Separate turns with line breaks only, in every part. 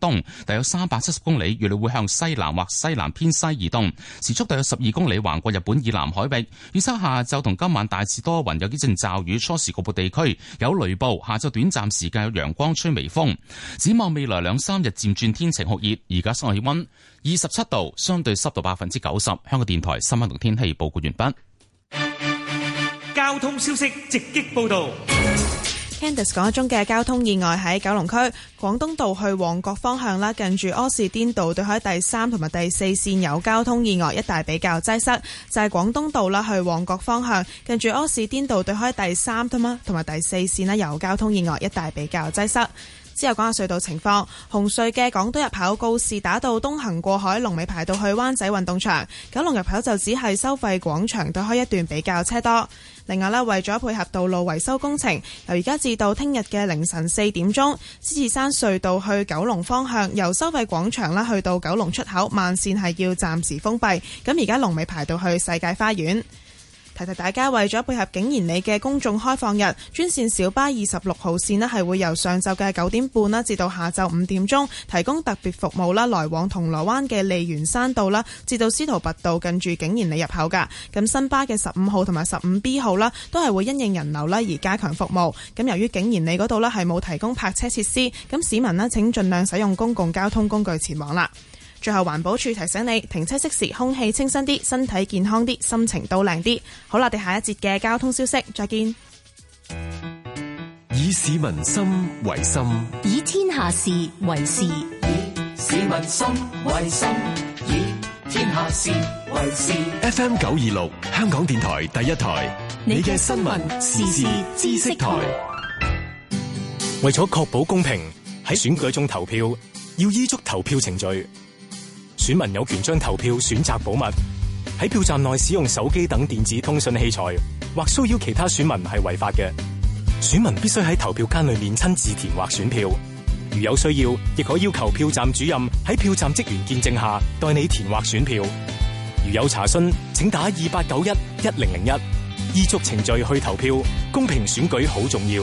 東大約三百七十公里，預料會向西南或西南偏西移動，時速大約十二公里，橫過日本以南海域。預測下晝同今晚大致多雲，有幾陣驟雨，初時局部地區有雷暴。下晝短暫時間有陽光，吹微風。展望未來兩三日漸轉天晴酷熱。而家室外氣溫二十七度，相對濕度百分之九十。香港電台新聞同天氣報告完畢。交通消息直擊報道。
Candice 講一宗嘅交通意外喺九龍區廣東道去旺角方向啦，近住柯士甸道對開第三同埋第四綫有交通意外，一帶比較擠塞。就係廣東道啦，去旺角方向近住柯士甸道對開第三同埋第四綫啦有交通意外，一帶比較擠塞。之後講下隧道情況，紅隧嘅港島入口告士打道東行過海龍尾排到去灣仔運動場，九龍入口就只係收費廣場對開一段比較車多。另外咧，為咗配合道路維修工程，由而家至到聽日嘅凌晨四點鐘，獅子山隧道去九龍方向，由收費廣場啦去到九龍出口，慢線係要暫時封閉。咁而家龍尾排到去世界花園。提提大家，為咗配合景賢里嘅公眾開放日，專線小巴二十六號線咧係會由上晝嘅九點半啦，至到下晝五點鐘提供特別服務啦，來往銅鑼灣嘅利園山道啦，至到司徒拔道近住景賢里入口噶。咁新巴嘅十五號同埋十五 B 號啦，都係會因應人流啦而加強服務。咁由於景賢里嗰度咧係冇提供泊車設施，咁市民咧請盡量使用公共交通工具前往啦。最後，環保署提醒你，停車熄匙空氣清新啲，身體健康啲，心情都靚啲。好啦，我哋下一節嘅交通消息，再見。
以市民心為心，
以天下事為事。以
市民心為心，以天下事
為事。FM 九二六，香港電台第一台，
你嘅新聞時事知識台。
為咗確保公平，喺選舉中投票，要依足投票程序。選民有權將投票選擇保密，喺票站內使用手機等電子通訊器材或騷擾其他選民係違法嘅。選民必須喺投票間裏面親自填劃選票，如有需要，亦可要求票站主任喺票站職員見證下代你填劃選票。如有查詢，請打二八九一一零零一，依足程序去投票，公平選舉
好重要。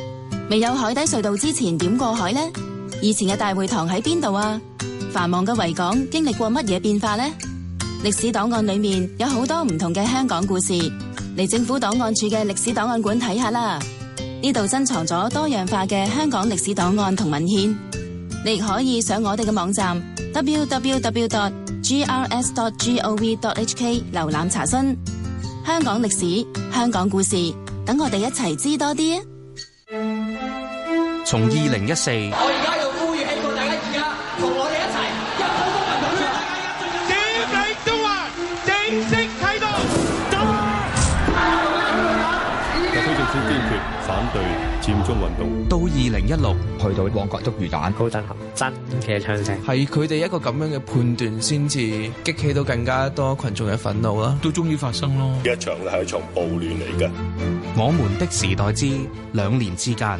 未有海底隧道之前點過海呢？以前嘅大會堂喺邊度啊？繁忙嘅維港經歷過乜嘢變化呢？歷史檔案裏面有好多唔同嘅香港故事，嚟政府檔案處嘅歷史檔案館睇下啦。呢度珍藏咗多樣化嘅香港歷史檔案同文獻，你亦可以上我哋嘅網站 www.grs.gov.hk 瀏覽查詢。香港歷史、香港故事，等我哋一齊知多啲。
從二零一四
，14，我而家又呼籲希望大家而家同我哋一齊，一呼眾人動，大家一齊上！佔領中環，正式啟動。特
區政府堅決
反對佔中運動。到二零一六，去到旺角督魚蛋，高振合真嘅唱聲，係佢哋一個咁樣嘅判斷，先至激起到更加多群眾嘅憤怒啦。都終於發生咯！
一場係一場暴亂嚟㗎。嗯、我們的時代之
兩年之間。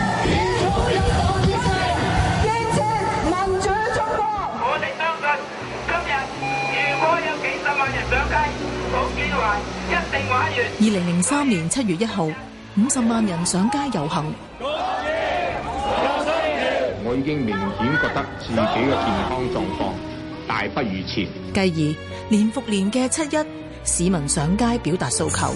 二
零零三年七月一號，五十萬人上街遊行。
我已經明顯覺得自己嘅健康狀況大不如前。
繼而，年復年嘅七一，市民上街表達訴求。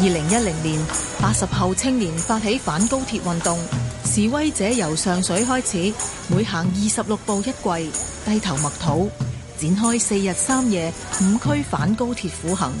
二零一零年，八十後青年發起反高鐵運動，示威者由上水開始，每行二十六步一跪，低頭默禱，展開四日三夜五區反高鐵苦行。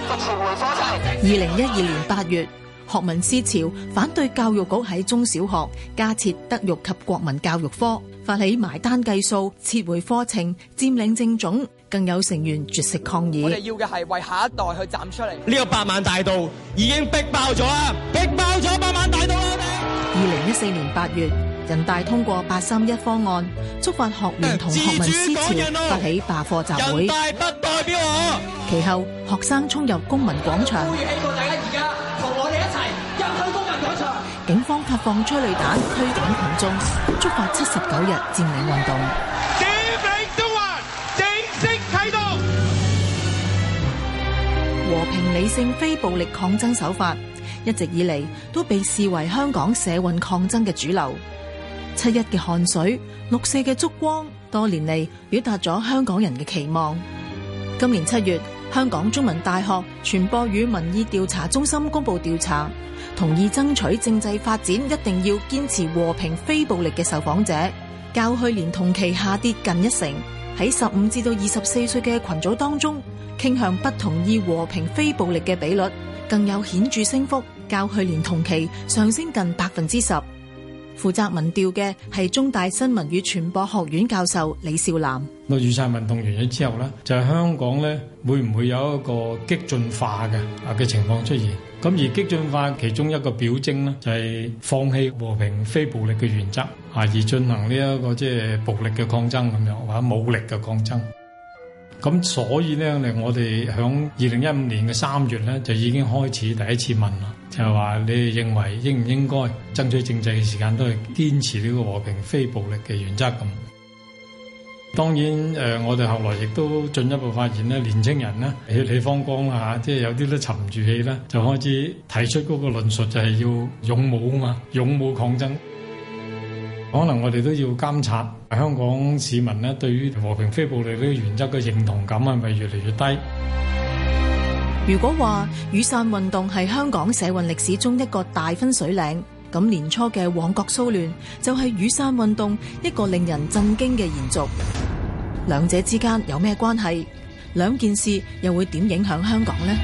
二零一二年八月，學民思潮反對教育局喺中小學加設德育及國民教育科，發起埋單計數撤回課程、佔領政總，更有成員絕食抗議。我哋
要嘅係為下一代去站出嚟。呢個百萬大道已經逼
爆咗啊，
逼爆咗百萬大道啦！我哋。二零一四年八月。人大通過八三一方案，觸發學聯同學民思潮，發起罷課集會。其後，學生衝入公民廣場，大
家而家同我哋一齊入去公民廣場，
警方發放催淚彈驅趕群眾，觸發七十九日佔領運動。
正式啟動，
和平理性非暴力抗爭手法一直以嚟都被視為香港社運抗爭嘅主流。七一嘅汗水，六四嘅燭光，多年嚟，表達咗香港人嘅期望。今年七月，香港中文大學傳播與民意調查中心公布調查，同意爭取政制發展一定要堅持和平非暴力嘅受訪者，較去年同期下跌近一成。喺十五至到二十四歲嘅群組當中，傾向不同意和平非暴力嘅比率，更有顯著升幅，較去年同期上升近百分之十。負責民調嘅係中大新聞與傳播學院教授李少南。
咁預晒運動完咗之後呢就係、是、香港咧會唔會有一個激進化嘅啊嘅情況出現？咁而激進化其中一個表徵呢就係放棄和平非暴力嘅原則，啊而進行呢一個即係暴力嘅抗爭咁樣，或者武力嘅抗爭。咁所以呢，我哋響二零一五年嘅三月呢，就已經開始第一次問啦。就係話，你哋認為應唔應該爭取政制嘅時間都係堅持呢個和平非暴力嘅原則咁。當然誒、呃，我哋後來亦都進一步發現咧，年青人咧血氣方剛啦、啊、即係有啲都沉唔住氣啦，就開始提出嗰個論述就係要勇武啊嘛，勇武抗爭。可能我哋都要監察香港市民咧對於和平非暴力呢個原則嘅認同感係咪越嚟越低？
如果話雨傘運動係香港社運歷史中一個大分水嶺，咁年初嘅旺角騷亂就係雨傘運動一個令人震驚嘅延續。兩者之間有咩關係？兩件事又會點影響香港呢？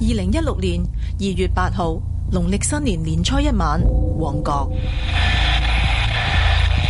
二零一六年二月八號，農曆新年年初一晚，旺角。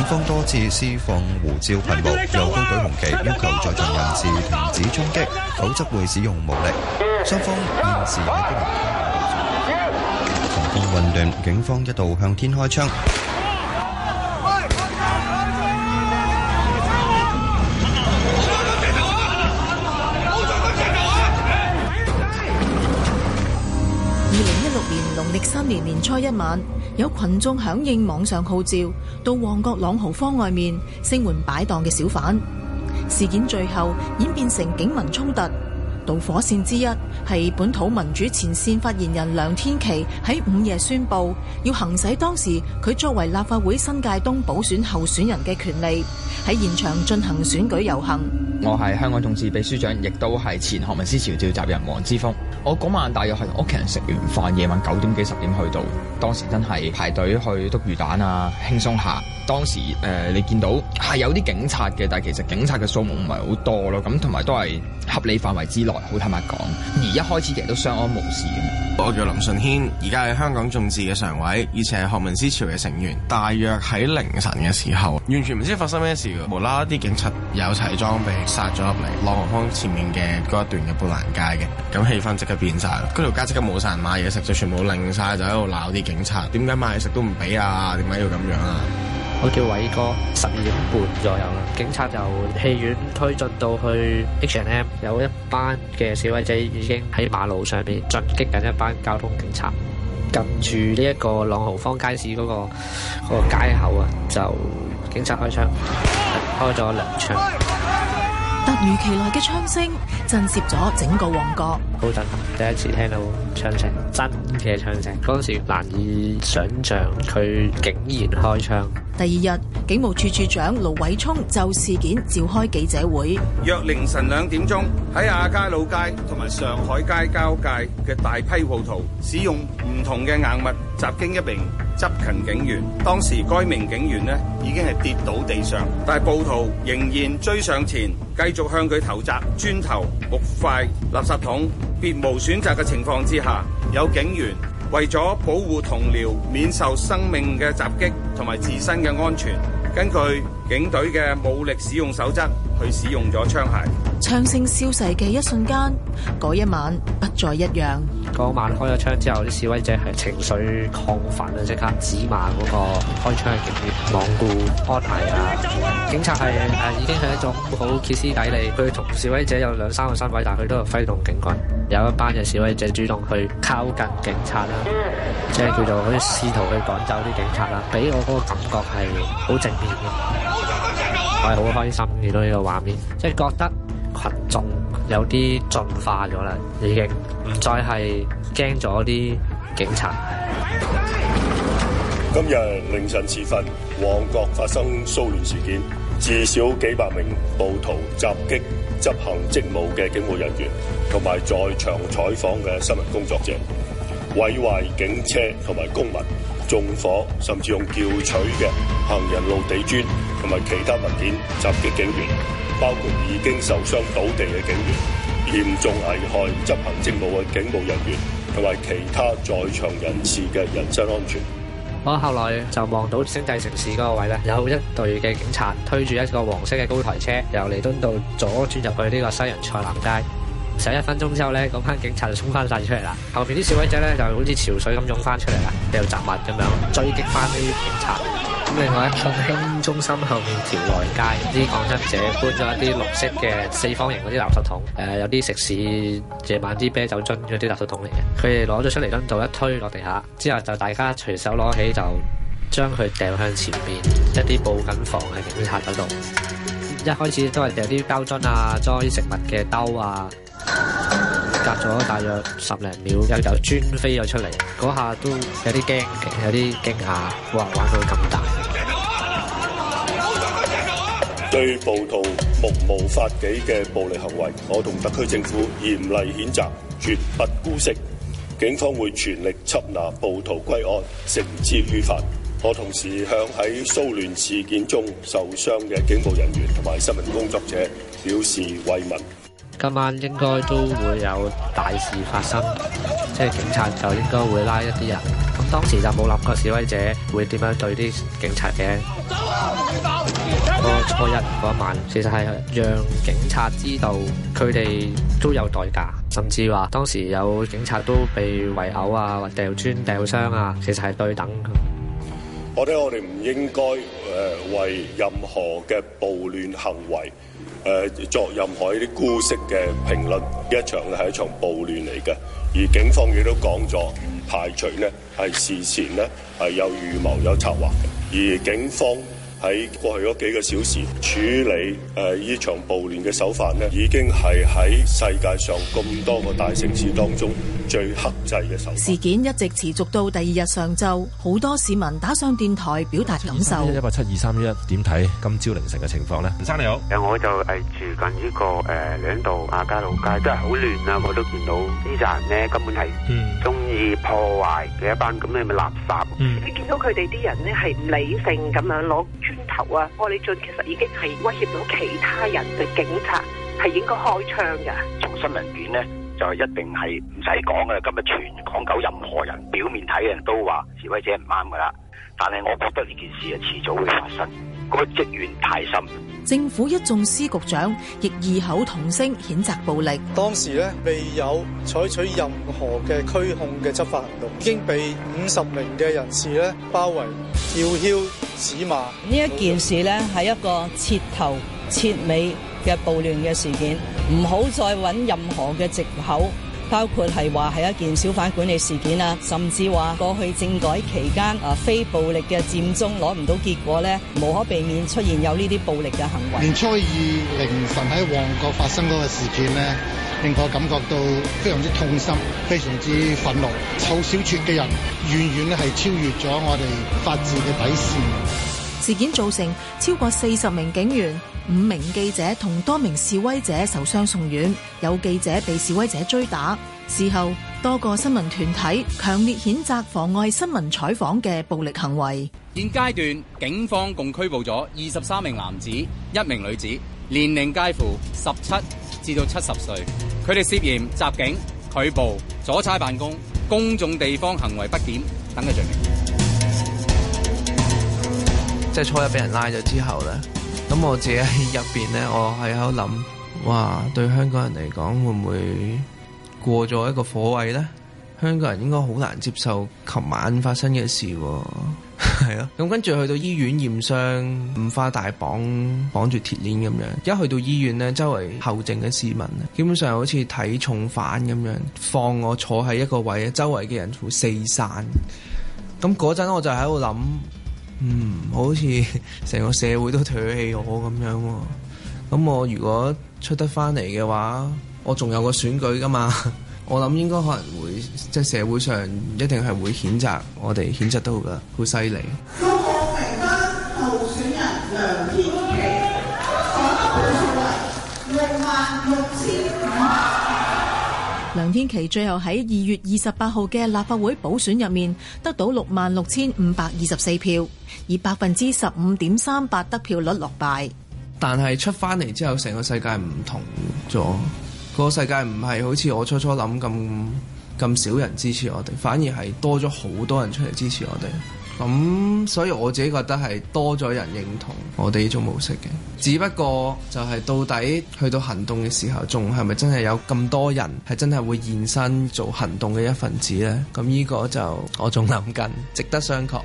警方多次施放胡椒噴霧，啊、又高舉紅旗要，啊、求在場人士停止衝擊，否則會使用武力。雙方現時已經混亂，警方一度向天開槍。
三年年初一晚，有群眾響應網上號召，到旺角朗豪坊外面聲援擺檔嘅小販。事件最後演變成警民衝突。導火線之一係本土民主前線發言人梁天琦，喺午夜宣布，要行使當時佢作為立法會新界東補選候選人嘅權利，喺現場進行選舉遊行。
我係香港眾志秘書長，亦都係前學民思潮召集人黃之鋒。我嗰晚大約係同屋企人食完飯，夜晚九點幾十點去到，當時真係排隊去篤魚蛋啊，輕鬆下。當時誒、呃，你見到係有啲警察嘅，但係其實警察嘅數目唔係好多咯。咁同埋都係合理範圍之內，好坦白講。而一開始其實都相安無事嘅。我叫林順軒，而家係香港眾志嘅常委，而且係學民思潮嘅成
員。大約喺凌晨嘅時候，完全唔知發生咩事嘅，無啦啦啲警察有齊裝備殺咗入嚟朗豪坊前面嘅嗰一段嘅砵蘭街嘅。咁氣氛即刻變晒，嗰條街即刻冇晒人買嘢食，就全部擰晒，就喺度鬧啲警察，點解買嘢食都唔俾啊？
點解要咁樣啊？我叫偉哥，十二點半左右啦。警察由戲院推進到去 H and M，有一班嘅示威者已經喺馬路上邊進擊緊一班交通警察。近住呢一個朗豪坊街市嗰、嗰個、嗰個街口啊，就警察開槍，開咗兩槍。
突如其來嘅槍聲震懾咗整個旺角。
好震，第一次聽到槍聲，真嘅槍聲。嗰時難以想象佢竟然開槍。
第二日，警務處處長盧偉聰就事件召開記者
會。約凌晨兩點鐘，喺亞皆老街同埋上海街交界嘅大批暴徒使用唔同嘅硬物襲擊一名。執勤警員，當時該名警員呢已經係跌倒地上，但係暴徒仍然追上
前，繼續向佢投擲磚頭、木塊、垃圾桶。別無選擇嘅情況之下，有警員為咗保護同僚免受生命嘅襲擊同埋自身嘅安全，根據警隊嘅武力使用守則，去使
用咗槍械。
槍聲消逝嘅一瞬間，嗰一晚不再一樣。
嗰晚開咗槍之後，啲示威者係情緒亢奮啊，即刻指罵嗰個開槍嘅警員，罔顧安危啊！警察係係已經係一種好歇斯底里。佢同示威者有兩三個身位，但係佢都係揮動警棍。有一班嘅示威者主動去靠近警察啦，即係叫做可以試圖去趕走啲警察啦。俾我嗰個感覺係好正面嘅。我係好開心見到呢個畫面，即係覺得群眾有啲進化咗啦，已經唔再係驚咗啲警察。
今日凌晨時分，旺角發生騷亂事件，至少幾百名暴徒襲擊執行職務嘅警務人員，同埋在場採訪嘅新聞工作者，毀壞警車同埋公物，縱火，甚至用撬取嘅行人路地磚。同埋其他物件襲擊警員，包括已經受傷倒地嘅警員，嚴重危害執行政務嘅警務人員同埋其他在場人士嘅人身安全。
我後來就望到星際城市嗰個位咧，有一隊嘅警察推住一個黃色嘅高台車，由彌敦道左轉入去呢個西洋菜南街。十一分鐘之後咧，嗰班警察就衝翻晒出嚟啦，後邊啲示威者咧就好似潮水咁湧翻出嚟啦，又雜物咁樣追擊翻呢啲警察。另外喺振興中心後面條內街，啲抗爭者搬咗一啲綠色嘅四方形嗰啲垃圾桶，誒、呃、有啲食肆夜晚啲啤酒樽嗰啲垃圾桶嚟嘅，佢哋攞咗出嚟墩度一推落地下，之後就大家隨手攞起就將佢掟向前邊一啲佈緊防嘅警察嗰度。一開始都係掉啲膠樽啊，裝啲食物嘅兜啊，隔咗大約十零秒，有隻磚飛咗出嚟，嗰下都有啲驚，有啲驚嚇，哇！玩到咁大～
對暴徒目無法紀嘅暴力行為，我同特區政府嚴厲譴責，絕不姑息。警方會全力緝拿暴徒歸案，繩之於法。我同時向喺蘇聯事件中受傷嘅警務人員同埋新聞工作者表示慰問。
今晚應該都會有大事發生，啊啊、即係警察就應該會拉一啲人。咁當時就冇諗過示威者會點樣對啲警察嘅。個初一嗰一晚，其實係讓警察知道佢哋都有代價，甚至話當時有警察都被圍毆啊，或掉磚、掉傷啊，其實係對等。
我睇我哋唔應該誒、呃、為任何嘅暴亂行為誒、呃、作任何一啲姑息嘅評論。呢一場係一場暴亂嚟嘅，而警方亦都講咗排除呢係事前呢係有預謀、有策劃嘅，而警方。喺過去嗰幾個小時處理誒呢場暴亂嘅手法咧，已經係喺世界上咁多個大城市當中最克制嘅手法。事
件一直持續到第二日上晝，好多市民打上電台表達感受。
先生，一八七二三一，點睇今朝凌晨嘅情況咧？吳生你好，誒，我就係住
近呢個誒兩度亞皆老街，真係好亂啊！我都見到呢扎人咧，根本係中意破壞嘅一班，咁你咪垃圾。你見到佢哋啲人咧係
唔理性咁樣攞磚頭啊、玻璃樽其實已經係威脅到其他人嘅，
警察
係應該開槍㗎。嗯、
從新聞片咧就係一定係唔使講嘅，今日全港九任何人表面睇嘅人都話示威者唔啱㗎啦。但係我覺得呢件事啊遲早會發生。個積怨太深，
政府一眾司局長亦異口同聲譴責暴力。當
時咧未有採取任何嘅驅控嘅執法行動，已經被五十名嘅人士咧包圍、叫囂、指罵。呢一
件事咧係一個徹頭徹尾嘅暴亂嘅事件，唔好再揾任何嘅藉口。包括係話係一件小販管理事件啊，甚至話過去政改期間啊，非暴力嘅佔中攞唔到結果咧，無可避免出現有呢啲暴力嘅行為。
年初二凌晨喺旺角發生嗰個事件咧，令我感覺到非常之痛心，非常之憤怒。扣小撮嘅人，遠遠咧係超越咗我哋法治嘅底線。
事件造成超過四十名警員，五名記者同多名示威者受傷送院，有記者被示威者追打。事後，多個新聞團體強烈譴責妨礙新聞採訪嘅暴力行為。現
階段，警方共拘捕咗二十三名男子，一名女子，年齡介乎十七至到七十歲。佢哋涉嫌襲警、拒捕、阻差
辦公、公眾地方行為不檢等嘅罪名。即係初一俾人拉咗之後咧。咁我自己喺入邊呢，我係喺度諗，哇！對香港人嚟講，會唔會過咗一個火位呢？香港人應該好難接受琴晚發生嘅事，哦，係 啊，咁跟住去到醫院驗傷，五花大綁綁住鐵鏈咁樣，一去到醫院呢，周圍候診嘅市民基本上好似睇重犯咁樣，放我坐喺一個位，周圍嘅人會四散。咁嗰陣我就喺度諗。嗯，好似成個社會都唾棄我咁樣，啊，喎。咁我如果出得翻嚟嘅話，我仲有個選舉噶嘛。 我諗應該可能會，即係社會上一定係會譴責我哋譴責到噶，好犀利。
梁天琦最後喺二月二十八號嘅立法會補選入面，得到六萬六千五百二十四票，以百分之十五點三八得票率落敗。
但係出翻嚟之後，成個世界唔同咗，個世界唔係好似我初初諗咁咁少人支持我哋，反而係多咗好多人出嚟支持我哋。咁所以我自己覺得係多咗人認同我哋呢種模式嘅，只不過就係到底去到行動嘅時候，仲係咪真係有咁多人係真係會現身做行動嘅一份子呢？咁呢個就我仲諗緊，值得商榷。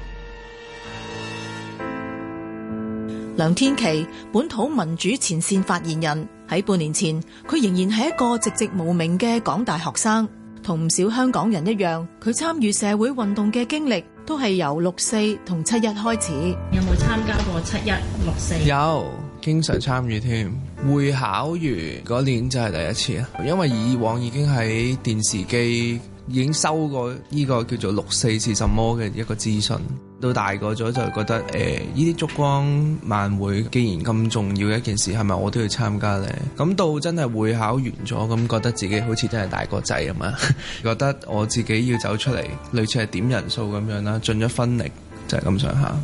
梁天琦，本土民主前線發言人，喺半年前佢仍然係一個寂寂無名嘅港大學生，同唔少香港人一樣，佢參與社會運動嘅經歷。都係由六四同七一開始，有冇參加過七一六四？
有，經常參與添。會考完嗰年就係第一次啊，因為以往已經喺電視機。已經收過呢個叫做六四四什麼嘅一個資訊，到大個咗就覺得誒，呢啲燭光晚會既然咁重要嘅一件事，係咪我都要參加呢？咁到真係會考完咗，咁覺得自己好似真係大個仔啊嘛，覺得我自己要走出嚟，類似係點人數咁樣啦，盡咗分力就係咁上下。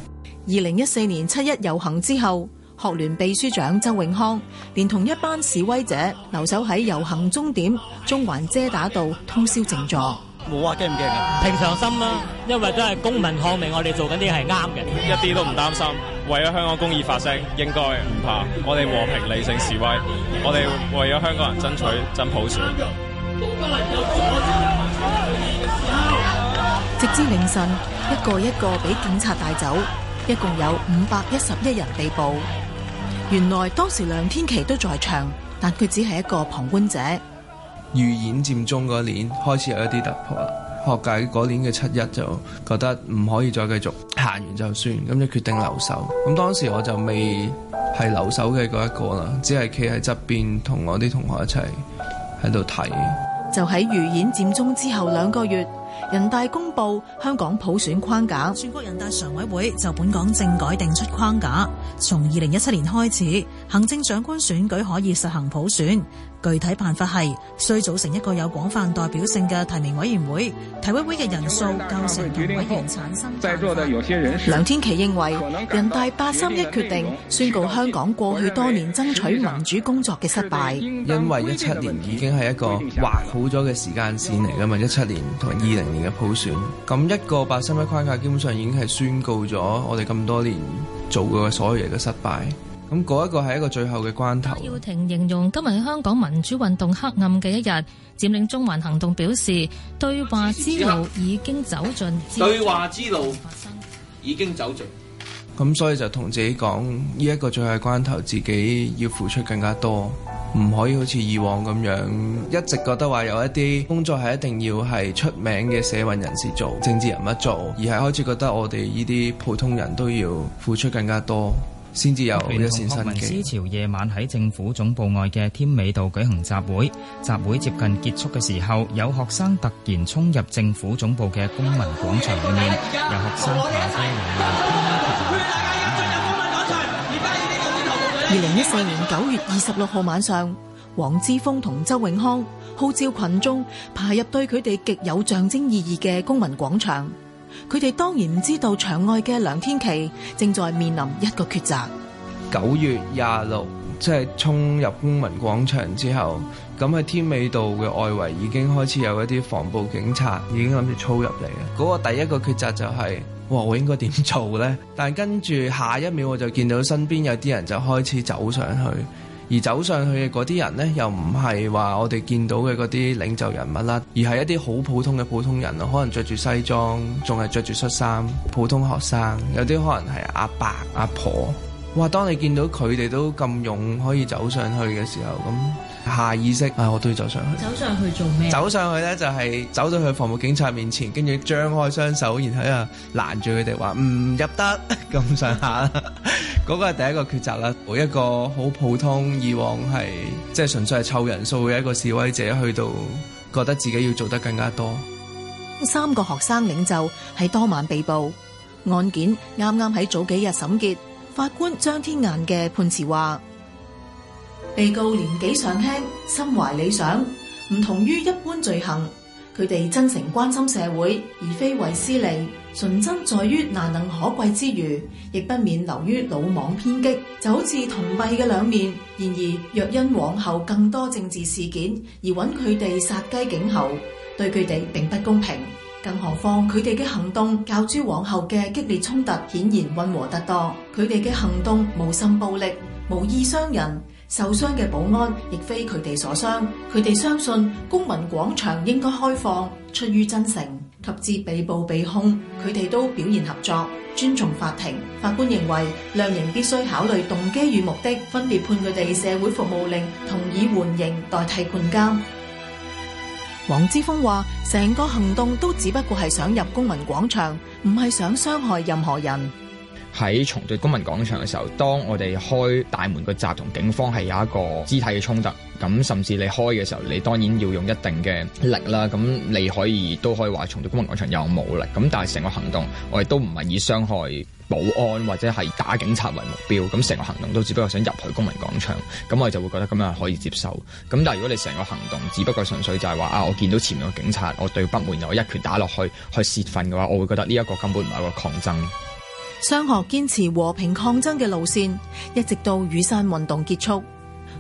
二零一四年七一遊行之後。學聯秘書長周永康連同一班示威者留守喺遊行終點中環遮打道通宵靜坐。
冇啊，驚唔驚啊？怕怕，平常心啦，因為都係公民抗命，我哋做緊啲係啱嘅。一啲
都唔擔心，為咗香港公義發聲，應該唔怕。我哋和平理性示威，我哋為咗香港人爭取真普選。
直至凌晨，一個一個俾警察帶走，一共有五百一十一人被捕。原來當時梁天琦都在場，但佢只係一個旁觀者。
預演佔中嗰年，開始有一啲突破啦。學界嗰年嘅七一就覺得唔可以再繼續行完就算，咁就決定留守。咁當時我就未係留守嘅嗰一個啦，只係企喺側邊同我啲同學一齊喺度睇。
就喺預演佔中之後兩個月。人大公布香港普選框架，全國人大常委會就本港政改定出框架，從二零一七年開始，行政長官選舉可以實行普選。具體辦法係，需組成一個有廣泛代表性嘅提名委員會，提委會嘅人數構成提名委員。委員產生在座有些人，梁天琦認為人大八三一決定宣告香港過去多年爭取民主工作嘅失敗。
因為一七年已經係一個劃好咗嘅時間線嚟噶嘛，一七年同二零年嘅普選，咁一個八三一框架基本上已經係宣告咗我哋咁多年做過嘅所有嘢嘅失敗。咁嗰一個係一個最後嘅關頭。戴耀
廷形容今日喺香港民主運動黑暗嘅一日，佔領中環行動表示對話之路已經走盡。 對話之路
已經走
盡。咁所以就同自己講，呢一個最後關頭，自己要付出更加多，唔可以好似以往咁樣一直覺得話有一啲工作係一定要係出名嘅社運人士做、政治人物做，而係開始覺得我哋呢啲普通人都要付出更加多。先至有一線生機。學民思
潮夜晚喺政府總部外嘅添美道舉行集會，集會接近結束嘅時候，有學生突然衝入政府總部嘅公民廣場裏面，有學生爬高
爬矮，推翻鐵欄，爬入廣場。
二零一四年九月二十六號晚上，黃之鋒同周永康號召羣眾爬入對佢哋極有象徵意義嘅公民廣場。佢哋當然唔知道場外嘅梁天琦正在面臨一個抉擇。
九月廿六，即係衝入公民廣場之後，咁喺添美道嘅外圍已經開始有一啲防暴警察已經諗住操入嚟嘅。嗰、那個第一個抉擇就係、是，哇！我應該點做咧？但跟住下一秒我就見到身邊有啲人就開始走上去。而走上去嘅嗰啲人呢，又唔係話我哋見到嘅嗰啲領袖人物啦，而係一啲好普通嘅普通人咯。可能着住西裝，仲係着住恤衫，普通學生，有啲可能係阿伯、阿婆。哇！當你見到佢哋都咁勇，可以走上去嘅時候，咁下意識啊、哎，我都要走上去。走上去做咩？走上去呢，就係、是、走到去防暴警察面前，跟住張開雙手，然後啊攔住佢哋話唔入得咁上下。 嗰個係第一個抉擇啦，我一個好普通，以往係即係純粹係湊人數嘅一個示威者，去到覺得自己要做得更加多。
三個學生領袖喺當晚被捕，案件啱啱喺早幾日審結，法官張天雁嘅判詞話：被告年紀尚輕，心懷理想，唔同於一般罪行，佢哋真誠關心社會，而非為私利。純真在於難能可貴之餘，亦不免流於魯莽偏激，就好似銅幣嘅兩面。然而，若因往後更多政治事件而揾佢哋殺雞儆猴，對佢哋並不公平。更何況佢哋嘅行動較諸往後嘅激烈衝突，顯然温和得多。佢哋嘅行動無心暴力，無意傷人，受傷嘅保安亦非佢哋所傷。佢哋相信公民廣場應該開放，出於真誠。及至被捕被控，佢哋都表現合作，尊重法庭。法官認為量刑必須考慮動機與目的，分別判佢哋社會服務令同以緩刑代替判監。黃之鋒話：成個行動都只不過係想入公民廣場，唔係想傷害任何人。
喺重奪公民廣場嘅時候，當我哋開大門個閘同警方係有一個肢體嘅衝突，咁甚至你開嘅時候，你當然要用一定嘅力啦。咁你可以都可以話重奪公民廣場有武力，咁但係成個行動我哋都唔係以傷害保安或者係打警察為目標。咁成個行動都只不過想入去公民廣場，咁我哋就會覺得咁樣可以接受。咁但係如果你成個行動只不過純粹就係話啊，我見到前面有警察，我對北門有一拳打落去去泄憤嘅話，我會覺得呢一個根本唔係一個抗爭。
商學堅持和平抗爭嘅路線，一直到雨傘運動結束。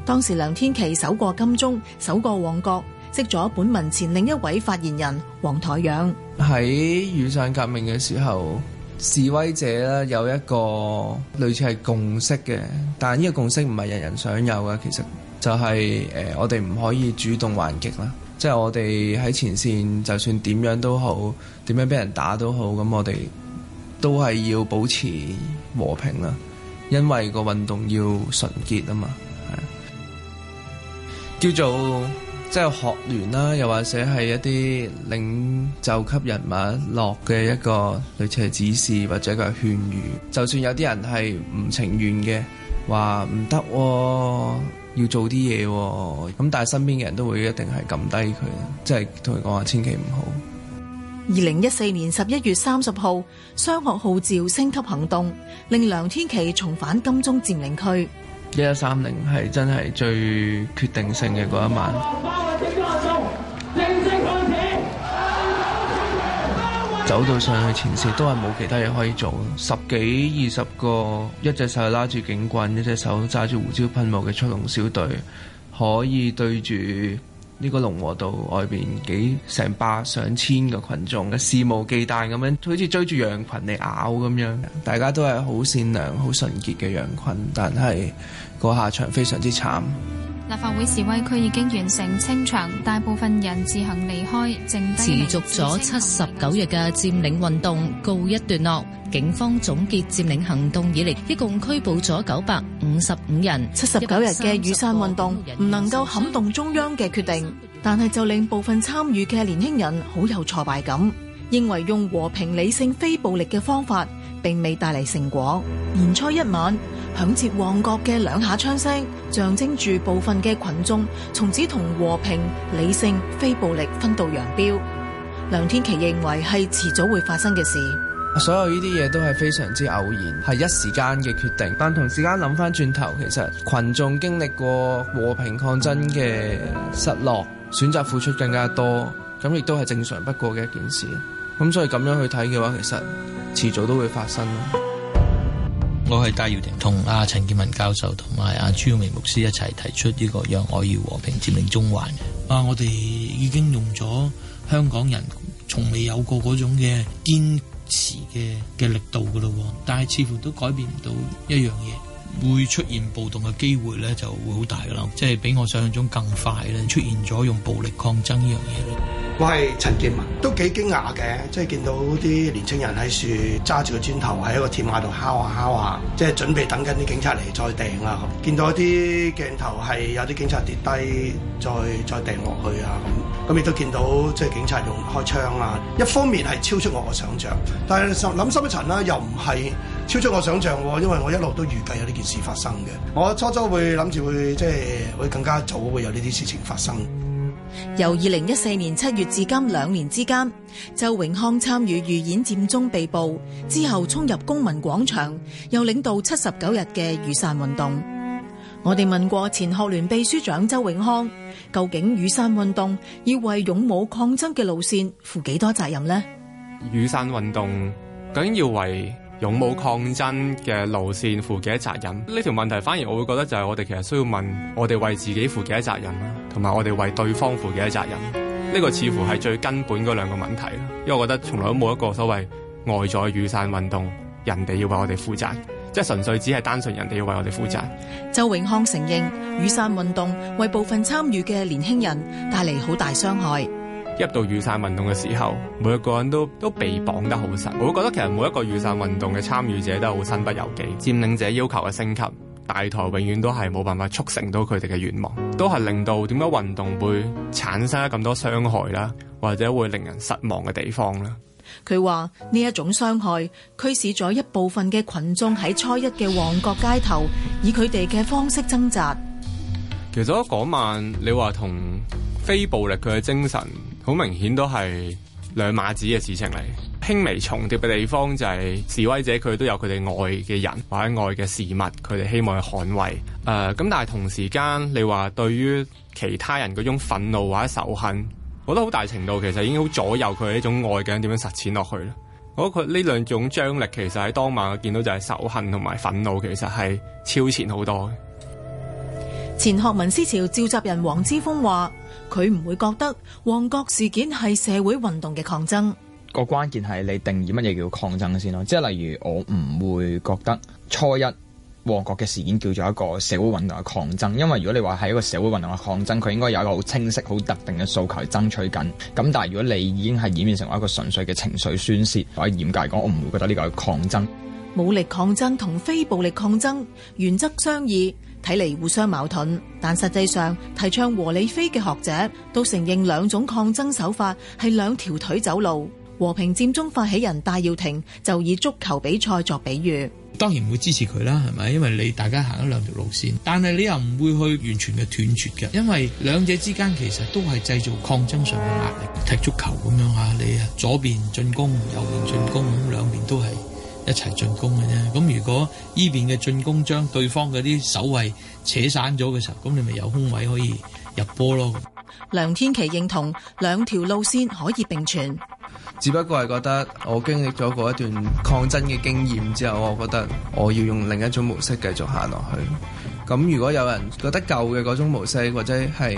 當時梁天琦守過金鐘，守過旺角，識咗本文前另一位發言人黃台
仰。喺雨傘革命嘅時候，示威者咧，有一個類似係共識嘅，但呢個共識唔係人人想有嘅。其實就係誒，我哋唔可以主動還擊啦，即係我哋喺前線，就算點樣都好，點樣俾人打都好，咁我哋。都係要保持和平啦，因為個運動要純潔啊嘛，叫做即係學聯啦，又或者係一啲領袖級人物落嘅一個類似指示或者佢係勸喻。就算有啲人係唔情願嘅，話唔得要做啲嘢，啊，咁但係身邊嘅人都會一定係撳低佢，即係同佢講話千祈唔好。
二零一四年十一月三十號，商學號召升級行動，令梁天琦重返金鐘佔領區。
一一三零係真係最決定性嘅嗰一晚，走到上去前線都係冇其他嘢可以做，十幾二十個一隻手拉住警棍，一隻手揸住胡椒噴霧嘅速龍小隊，可以對住。呢個龍和道外邊幾成百上千個群眾嘅肆無忌憚咁樣，好似追住羊群嚟咬咁樣，大家都係好善良、好純潔嘅羊群，但係個下場非常之慘。
立法
會示威區已經完成清場，大部分人自行離開，剩低。持續咗七十九日嘅佔領運動告一段落，警方總結佔領行動以嚟一共拘捕咗九百五十五人。七十九日嘅雨傘運動唔能夠撼動中央嘅決定，但係就令部分參與嘅年輕人好有挫敗感，認為用和平、理性、非暴力嘅方法。並未帶嚟成果。年初一晚，響徹旺角嘅兩下槍聲，象徵住部分嘅群眾從此同和平、理性、非暴力分道揚鑣。梁天琦認為係遲早會發生嘅事。
所有呢啲嘢都係非常之偶然，係一時間嘅決定。但同時間諗翻轉頭，其實群眾經歷過和平抗爭嘅失落，選擇付出更加多，咁亦都係正常不過嘅一件事。咁、嗯、所以咁樣去睇嘅話，其實遲早都會發生。
我係戴耀廷同阿陳建文教授同埋阿朱耀明牧師一齊提出呢個讓愛與和平佔領中環。啊，我哋已經用咗香港人從未有過嗰種嘅堅持嘅嘅力度噶啦，但係似乎都改變唔到一樣嘢。會出現暴動嘅機會咧，就會好大啦。即係比我想
象中更快咧，出現咗用暴
力抗爭呢樣
嘢咯。我係陳建文，都幾驚訝嘅。即係見到啲年青人喺樹揸住個磚頭，喺一個鐵馬度敲啊敲啊，即係準備等緊啲警察嚟再掟啦。見到一啲鏡頭係有啲警察跌低，再再掟落去啊。咁咁亦都見到即係警察用開槍啊。一方面係超出我嘅想像，但係諗深一層啦，又唔係。超出我想象，因為我一路都預計有呢件事發生嘅。我初初會諗住會即係、就是、會更加早會有呢啲事情發生。
由二零一四年七月至今兩年之間，周永康參與預演佔中被捕之後，衝入公民廣場，又領導七十九日嘅雨傘運動。我哋問過前學聯秘書長周永康，「究竟雨傘運動要為勇武抗爭嘅路線負幾多責任呢？」
雨傘運動究竟要為？勇武抗爭嘅路線負幾多責任？呢條問題反而我會覺得就係我哋其實需要問我哋為自己負幾多責任啦，同埋我哋為對方負幾多責任？呢個似乎係最根本嗰兩個問題，因為我覺得從來都冇一個所謂外在雨傘運動，人哋要為我哋負責，即係純粹只係單純人哋要為我哋負責。
周永康承認，雨傘運動為部分參與嘅年輕人帶嚟好大傷害。
入到雨傘運動嘅時候，每一個人都都被綁得好實。我會覺得其實每一個雨傘運動嘅參與者都好身不由己。佔領者要求嘅升級，大台永遠都係冇辦法促成到佢哋嘅願望，都係令到點解運動會產生咁多傷害啦，或者會令人失望嘅地方啦。
佢話呢一種傷害，驅使咗一部分嘅群眾喺初一嘅旺角街頭，以佢哋嘅方式掙扎。
其實嗰晚你話同。非暴力佢嘅精神，好明顯都係兩碼子嘅事情嚟。輕微重疊嘅地方就係、是、示威者佢都有佢哋愛嘅人或者愛嘅事物，佢哋希望去捍衛。誒、呃，咁但係同時間你話對於其他人嗰種憤怒或者仇恨，我覺得好大程度其實已經好左右佢呢種愛嘅人點樣實踐落去啦。我覺得佢呢兩種張力其實喺當晚我見到就係仇恨同埋憤怒，其實係超前好多嘅。
前學民思潮召集人黃之鋒話，佢唔會覺得旺角事件係社會運動嘅抗爭。
個關鍵係你定義乜嘢叫抗爭先咯。即係例如，我唔會覺得初一旺角嘅事件叫做一個社會運動嘅抗爭，因為如果你話係一個社會運動嘅抗爭，佢應該有一個好清晰、好特定嘅訴求係爭取緊。咁但係如果你已經係演變成一個純粹嘅情緒宣洩，或者嚴格嚟講，我唔會覺得呢個係抗爭。
武力抗爭同非暴力抗爭原則相異。睇嚟互相矛盾，但實際上提倡和理非嘅學者都承認兩種抗爭手法係兩條腿走路。和平佔中發起人戴耀廷就以足球比賽作比喻，當然
唔會支持佢啦，係咪？因為你大家行咗兩條路線，但係你又唔會去完全嘅斷絕嘅，因為兩者之間其實都係製造抗爭上嘅壓力。踢足球咁樣吓，你啊左邊進攻，右邊進攻，兩邊都係。一齊進攻嘅啫，咁如果呢邊嘅進攻將對方嘅啲守衞扯散咗嘅時候，咁你咪有空位可以
入波咯。
梁天琦認同兩條路線可以並存，
只不過係覺得我經歷咗嗰一段抗爭嘅經驗之後，我覺得我要用另一種模式繼續行落去。咁如果有人覺得舊嘅嗰種模式或者係誒、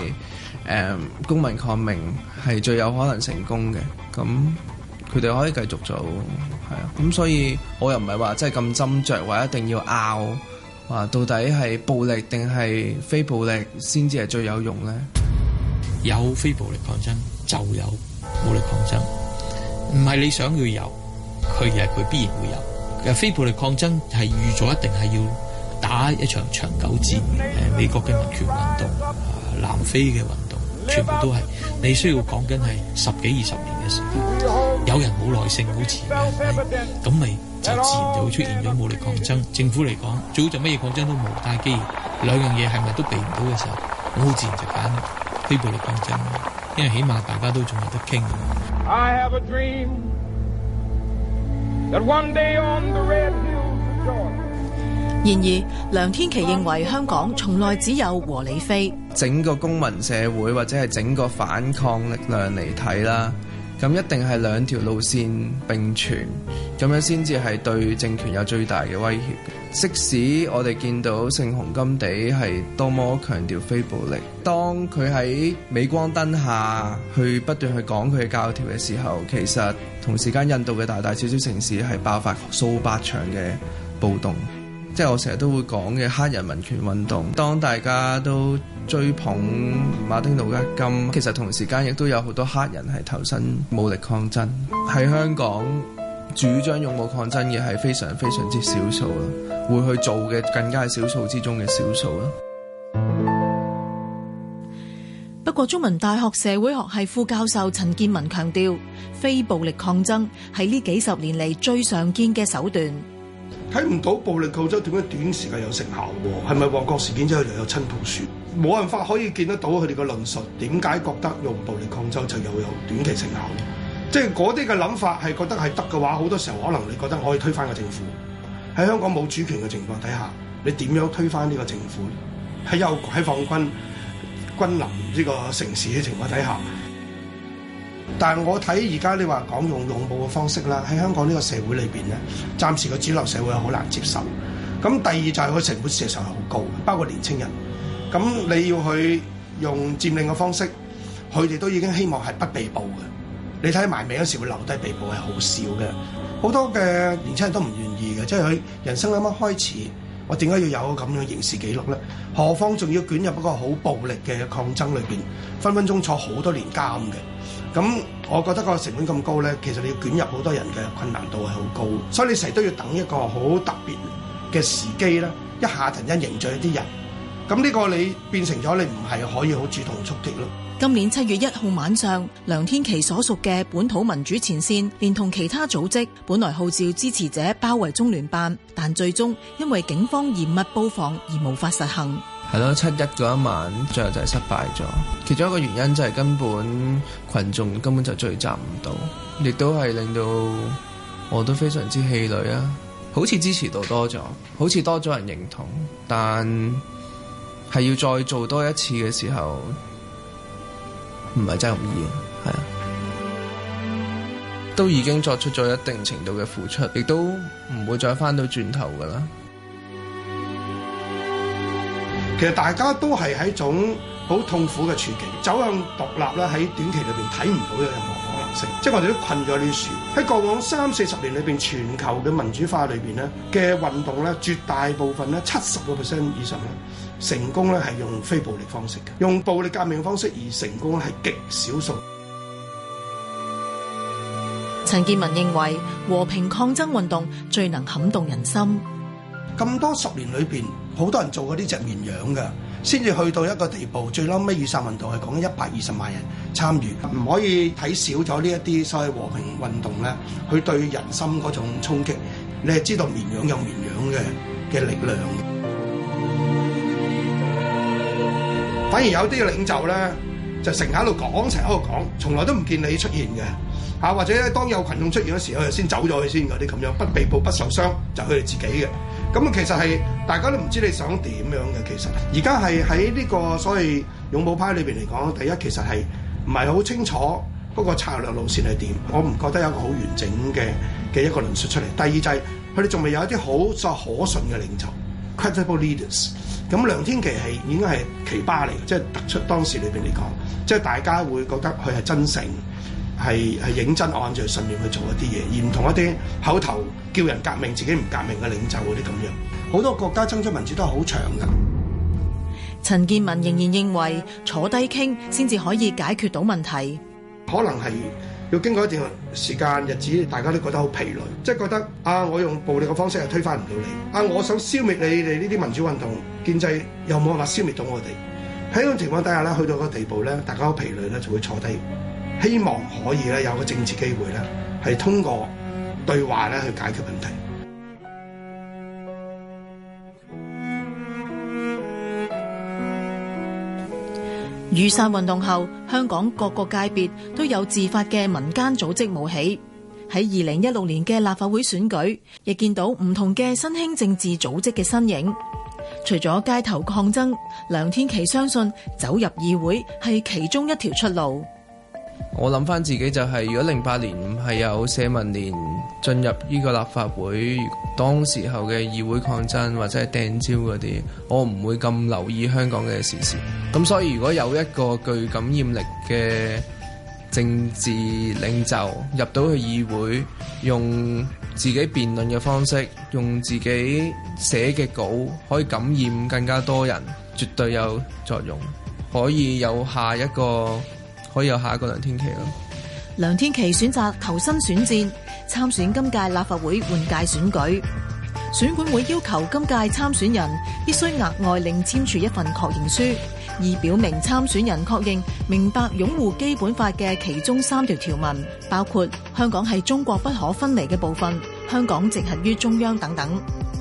呃、公民抗命係最有可能成功嘅，咁。佢哋可以繼續做，係啊，咁所以我又唔係話真係咁斟酌，話一定要拗話到底係暴力定係非暴力先至係最有用咧？有非暴力抗爭就有武力抗爭，
唔係你想要有，佢亦係佢必然會有。其實非暴力抗爭係預咗一定係要打一場長久戰嘅 美國嘅民權運動，南非嘅運動。全部都係你需要講緊係十幾二十年嘅事。有人冇耐性，好自
然嘅，
咁咪就自然就會出現咗武力抗爭。政府嚟講，最好就乜嘢抗爭都冇，但係既然兩樣嘢係咪都避唔到嘅時候，我好自然就揀非暴力抗爭，因為起碼大家都仲有得傾。Georgia，
然而，梁天琦認為香港從來只有和理非。
整個公民社會或者係整個反抗力量嚟睇啦，咁一定係兩條路線並存，咁樣先至係對政權有最大嘅威脅。即使我哋見到聖雄甘地係多麼強調非暴力，當佢喺美光燈下去不斷去講佢嘅教條嘅時候，其實同時間印度嘅大大小小城市係爆發數百場嘅暴動。即係我成日都會講嘅黑人民權運動，當大家都追捧馬丁路德金，其實同時間亦都有好多黑人係投身武力抗爭，喺香港，主張用武抗爭嘅係非常非常之少數啦，會去做嘅更加係少數之中嘅少數啦。
不過中文大學社會學系副教授陳建文強調，非暴力抗爭，係呢幾十年嚟最常見嘅手段。
睇唔到暴力抗爭點解短時間有成效喎？係咪旺角事件之後又有親抱書？冇辦法可以見得到佢哋嘅論述點解覺得用暴力抗爭就又有短期成效？即係嗰啲嘅諗法係覺得係得嘅話，好多時候可能你覺得可以推翻個政府喺香港冇主權嘅情況底下，你點樣推翻呢個政府？喺有解放軍軍臨呢個城市嘅情況底下？但係我睇而家你話講用勇武嘅方式啦，喺香港呢個社會裏邊咧，暫時個主流社會係好難接受。咁第二就係個成本其實係好高，包括年青人。咁你要去用佔領嘅方式，佢哋都已經希望係不被捕嘅。你睇埋尾，有時會留低被捕係好少嘅，好多嘅年青人都唔願意嘅，即係佢人生啱啱開始，我點解要有咁樣刑事記錄咧？何況仲要捲入一個好暴力嘅抗爭裏邊，分分鐘坐好多年監嘅。咁、嗯，我覺得個成本咁高呢，其實你要捲入好多人嘅困難度係好高，所以你成日都要等一個好特別嘅時機咧，一,一下突然間凝聚一啲人。咁、嗯、呢、這個你變成咗你唔係可以好主動出擊咯。
今年七月一號晚上，梁天琦所屬嘅本土民主前線，連同其他組織，本來號召支持者包圍中聯辦，但最終因為警方嚴密布防而無法實行。
係咯，七一嗰一晚，最後就係失敗咗。其中一個原因就係根本群眾根本就聚集唔到，亦都係令到我都非常之氣餒啊！好似支持度多咗，好似多咗人認同，但係要再做多一次嘅時候，唔係真係容易啊！係啊，都已經作出咗一定程度嘅付出，亦都唔會再翻到轉頭噶啦。
其實大家都係喺一種好痛苦嘅處境，走向獨立咧，喺短期裏邊睇唔到有任何可能性，即係我哋都困咗啲樹。喺過往三四十年裏邊，全球嘅民主化裏邊咧，嘅運動咧，絕大部分咧七十個 percent 以上咧成功咧係用非暴力方式嘅，用暴力革命方式而成功咧係極少數。
陳建文認為和平抗爭運動最能撼動人心。
咁多十年裏邊。好多人做嗰啲隻綿羊嘅，先至去到一個地步。最嬲尾雨傘運動係講一百二十萬人參與，唔可以睇少咗呢一啲所謂和平運動咧，佢對人心嗰種衝擊。你係知道綿羊有綿羊嘅嘅力量。 反而有啲領袖咧，就成日喺度講，成日喺度講，從來都唔見你出現嘅嚇、啊。或者當有群眾出現嘅時候，佢就先走咗去先㗎。啲咁樣不被捕、不受傷，就佢、係、哋自己嘅。咁其實係大家都唔知你想點樣嘅。其實而家係喺呢個所謂勇武派裏邊嚟講，第一其實係唔係好清楚嗰個策略路線係點。我唔覺得有一個好完整嘅嘅一個論述出嚟。第二就係佢哋仲未有一啲好就可信嘅領袖 （credible leaders）。咁梁天琦係應該係奇葩嚟，即係突出當時裏邊嚟講，即係大家會覺得佢係真性。係係認真按著信念去做一啲嘢，而唔同一啲口頭叫人革命、自己唔革命嘅領袖嗰啲咁樣。好多國家爭取民主都係好長㗎。
陳建文仍然認為坐低傾先至可以解決到問題。
可能係要經過一段時間日子，大家都覺得好疲累，即係覺得啊，我用暴力嘅方式係推翻唔到你，啊，我想消滅你哋呢啲民主運動建制，又冇辦法消滅到我哋。喺呢種情況底下咧，去到個地步咧，大家疲累咧就會坐低。希望可以咧有個政治機會咧，係通過對話咧去解決問題。
雨傘運動後，香港各個界別都有自發嘅民間組織，冒起。喺二零一六年嘅立法會選舉亦見到唔同嘅新興政治組織嘅身影。除咗街頭抗爭，梁天琦相信走入議會係其中一條出路。
我諗翻自己就係、是，如果零八年係有社民連進入呢個立法會，當時候嘅議會抗爭或者係掟蕉嗰啲，我唔會咁留意香港嘅時事。咁所以，如果有一個具感染力嘅政治領袖入到去議會，用自己辯論嘅方式，用自己寫嘅稿可以感染更加多人，絕對有作用，可以有下一個。可以有下一個梁天琦咯。
梁天琦選擇投身選戰，參選今屆立法會換屆選舉。選管會要求今屆參選人必須額外另簽署一份確認書，以表明參選人確認明白擁護基本法嘅其中三條條文，包括香港係中國不可分離嘅部分、香港直行於中央等等。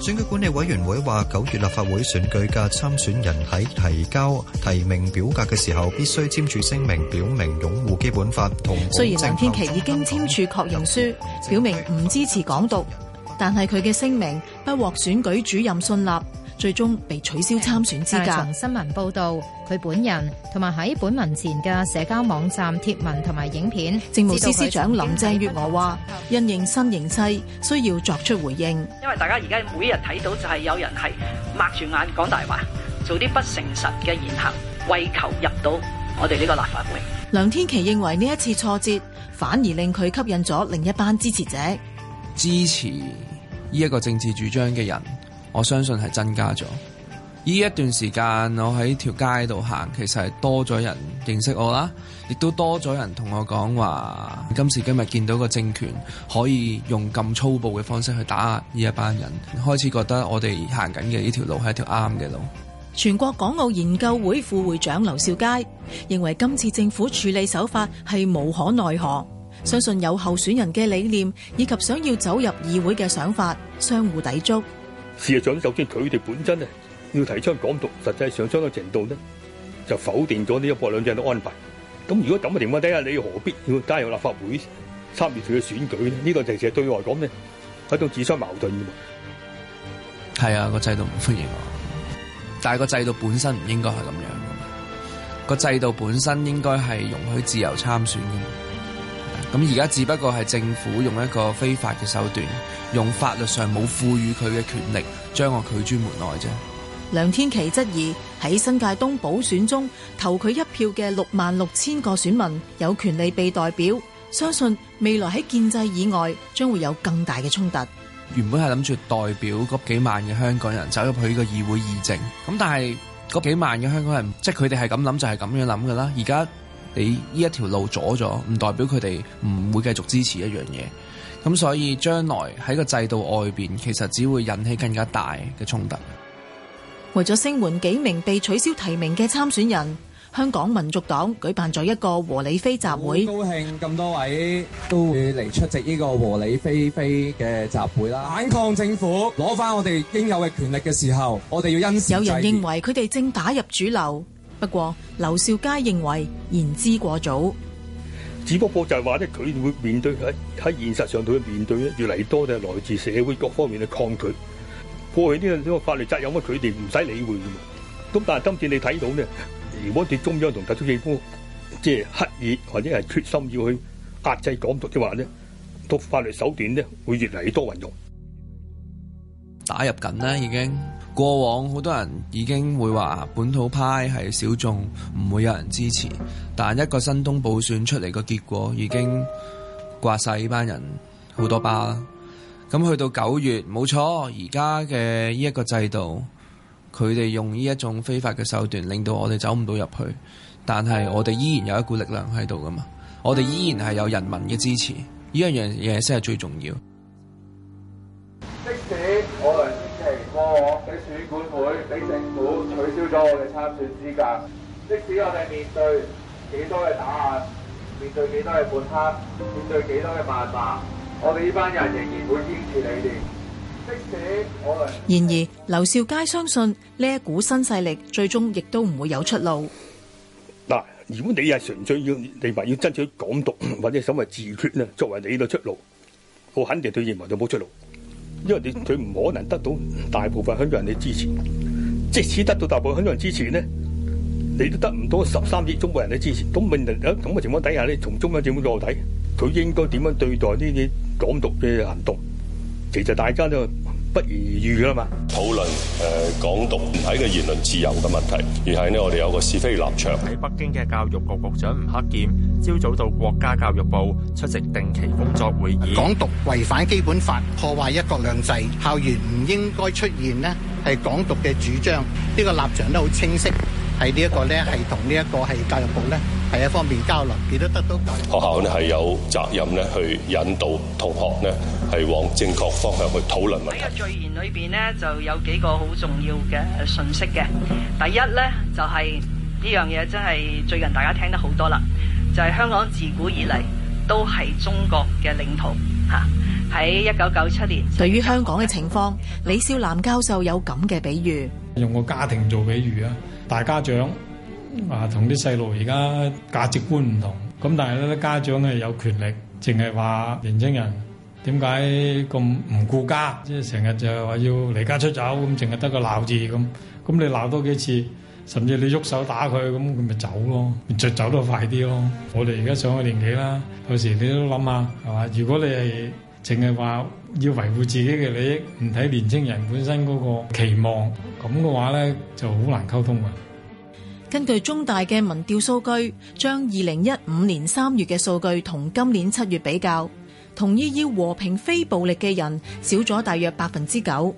選舉管理委員會話：九月立法會選舉嘅參選人喺提交提名表格嘅時候，必須簽署聲明，表明擁護基本法同《憲法》。雖然梁天琦
已經簽署確認書，表明唔支持港獨，但係佢嘅聲明不獲選舉主任信納。最終被取消參選資格。 新聞報道，佢本人同埋喺本文前嘅社交網站貼文同埋影片。政務司司，司長林鄭月娥話：因應新形勢，需要作出回應。因為大家而家每日睇到就係有人係擘住眼講大話，做啲不誠實嘅言行，為求入到我哋呢個立法會。梁天琦認為呢一次挫折，反而令佢吸引咗另一班支持者，
支持呢一個政治主張嘅人。我相信係增加咗呢一段時間。我喺條街度行，其實係多咗人認識我啦，亦都多咗人同我講話。今時今日見到個政權可以用咁粗暴嘅方式去打壓呢一班人，開始覺得我哋行緊嘅呢條路係一條啱嘅路。
全國港澳研究會副會長劉兆佳認為，今次政府處理手法係無可奈何，相信有候選人嘅理念以及想要走入議會嘅想法相互抵觸。
事實上，就算佢哋本身咧要提倡港獨，實際上相當程度咧就否定咗呢一國兩制嘅安排。咁如果咁嘅情況底下，你何必要加入立法會參與佢嘅選舉呢？呢個就係對外講咧喺度自相矛盾㗎嘛。
係啊，個制度唔歡迎我，但係個制度本身唔應該係咁樣。個制度本身應該係容許自由參選嘅。咁而家只不過係政府用一個非法嘅手段，用法律上冇賦予佢嘅權力，將我拒諸門外啫。
梁天琦質疑喺新界東補選中投佢一票嘅六萬六千個選民有權利被代表，相信未來喺建制以外將會有更大嘅衝突。
原本係諗住代表嗰幾萬嘅香港人走入去呢個議會議政，咁但係嗰幾萬嘅香港人，即係佢哋係咁諗就係、是、咁樣諗㗎啦。而家。你呢一條路阻咗，唔代表佢哋唔會繼續支持一樣嘢。咁所以將來喺個制度外邊，其實只會引起更加大嘅衝突。
為咗聲援幾名被取消提名嘅參選人，香港民族黨舉辦咗一個和理非集會。
高興咁多位都會嚟出席呢個和理非非嘅集會啦！反抗政府，攞翻我哋應有嘅權力嘅時候，我哋要因事。有人認
為佢哋正打入主流。不過劉少佳認為言之過早，
只不過就係話咧，佢會面對喺喺現實上度去面對咧，越嚟越多嘅來自社會各方面嘅抗拒。過去呢個法律責任，我佢哋唔使理會嘅嘛。咁但係今次你睇到咧，如果對中央同特區政府即係刻意或者係決心要去壓制港獨嘅話咧，用法律手段咧會越嚟越多運用，
打入緊啦已經。過往好多人已經會話本土派係小眾，唔會有人支持。但一個新東補選出嚟個結果已經掛晒呢班人好多巴啦。咁去到九月，冇錯，而家嘅呢一個制度，佢哋用呢一種非法嘅手段，令到我哋走唔到入去。但係我哋依然有一股力量喺度㗎嘛，我哋依然係有人民嘅支持，呢一樣嘢先係最重要。
然而，劉少佳相信呢一股新勢力最終亦都唔會有出路。
嗱，如果你係純粹要你話要爭取港獨或者所謂自決咧，作為你嘅出路，我肯定對認為就冇出路，因為你佢唔可能得到大部分香港人嘅支持。即使得到大部分香港人支持呢，你都得唔到十三億中國人嘅支持。咁問人，喺咁嘅情況底下咧，從中央政府角度睇，佢應該點樣對待呢啲港獨嘅行動，其實大家都。不如預啦嘛！討論
誒港獨唔係個言論自由嘅問題，而係呢我哋有個是非立場。喺北京
嘅教育局局長吳克儉，朝早到國家教育部出席定期工作會議。港獨違反基本法，破壞一國兩制，
校園唔應該出現呢係港獨嘅主張。呢個立場都好清晰，係呢一個呢係同呢一個係教育部呢。係一方面交流，亦都得
到。學校咧係有責任咧去引導同學咧係往正確方向去討論問題。呢個序
言裏邊咧就有幾個
好重要嘅信息嘅。第一咧就係呢樣嘢真係最近大家聽得好多啦，就係香港自古以嚟都係中國嘅領土嚇。喺一九九七年，對於香港嘅情況，李少楠教授有咁嘅比
喻，用個家庭做比喻啊，大家長。話同啲細路而家價值觀唔同，咁但係咧啲家長咧有權力，淨係話年青人點解咁唔顧家，即係成日就係話要離家出走，咁淨係得個鬧字咁，咁你鬧多幾次，甚至你喐手打佢，咁佢咪走咯，再走得快啲咯。我哋而家上咗年紀啦，到時你都諗下係嘛？如果你係淨係話要維護自己嘅利益，唔睇年青人本身嗰個期望，咁嘅話咧就好難溝通嘅。
根據中大嘅民調數據，將二零一五年三月嘅數據同今年七月比較，同意要和平非暴力嘅人少咗大約百分之九，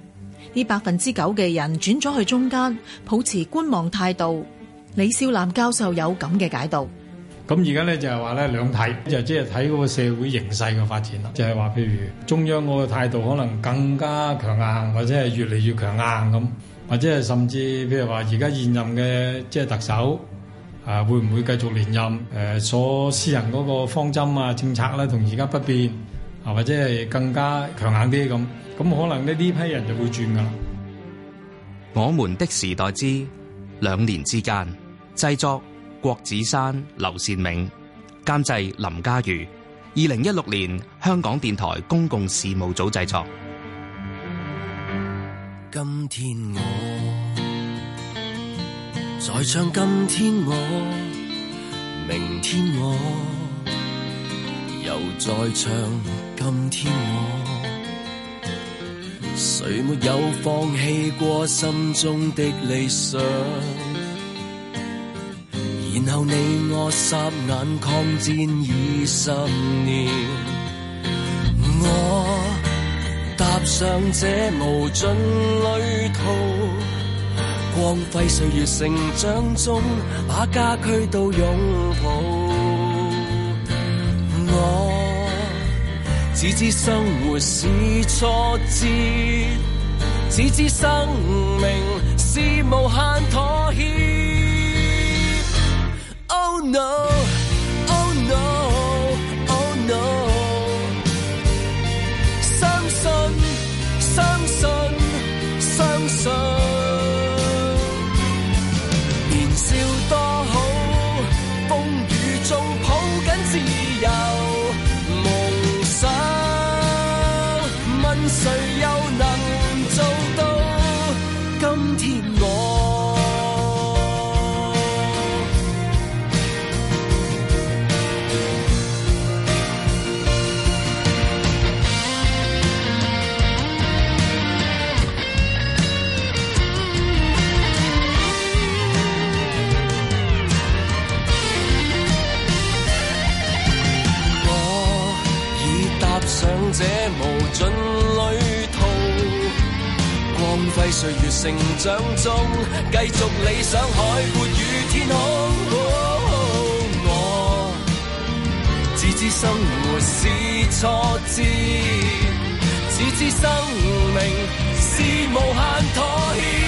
呢百分之九嘅人轉咗去中間，保持觀望態度。李少南教授有咁嘅解讀。
咁而家咧就係話咧兩睇，就即係睇嗰個社會形勢嘅發展啦。就係話譬如中央嗰個態度可能更加強硬，或者係越嚟越強硬咁。或者係甚至譬如話，而家現任嘅即係特首，啊會唔會繼續連任？誒、呃、所私人嗰個方針啊政策咧、啊，同而家不變，啊或者係更加強硬啲咁，咁可能呢呢批人就會轉㗎喇。
我們的時代之兩年之間，製作郭子山、劉善明，監製林家瑜，二零一六年香港電台公共事務組製作。
今天我，在唱今天我，明天我又再唱今天我。誰沒有放棄過心中的理想？然後你我霎眼抗戰二十年。踏上這無盡旅途，光輝歲月成長中，把家駒都擁抱。我只知生活是挫折，只知生命。成長中，繼續理想海闊與天空。哦、我只知生活是挫折，只知生命是無限妥協。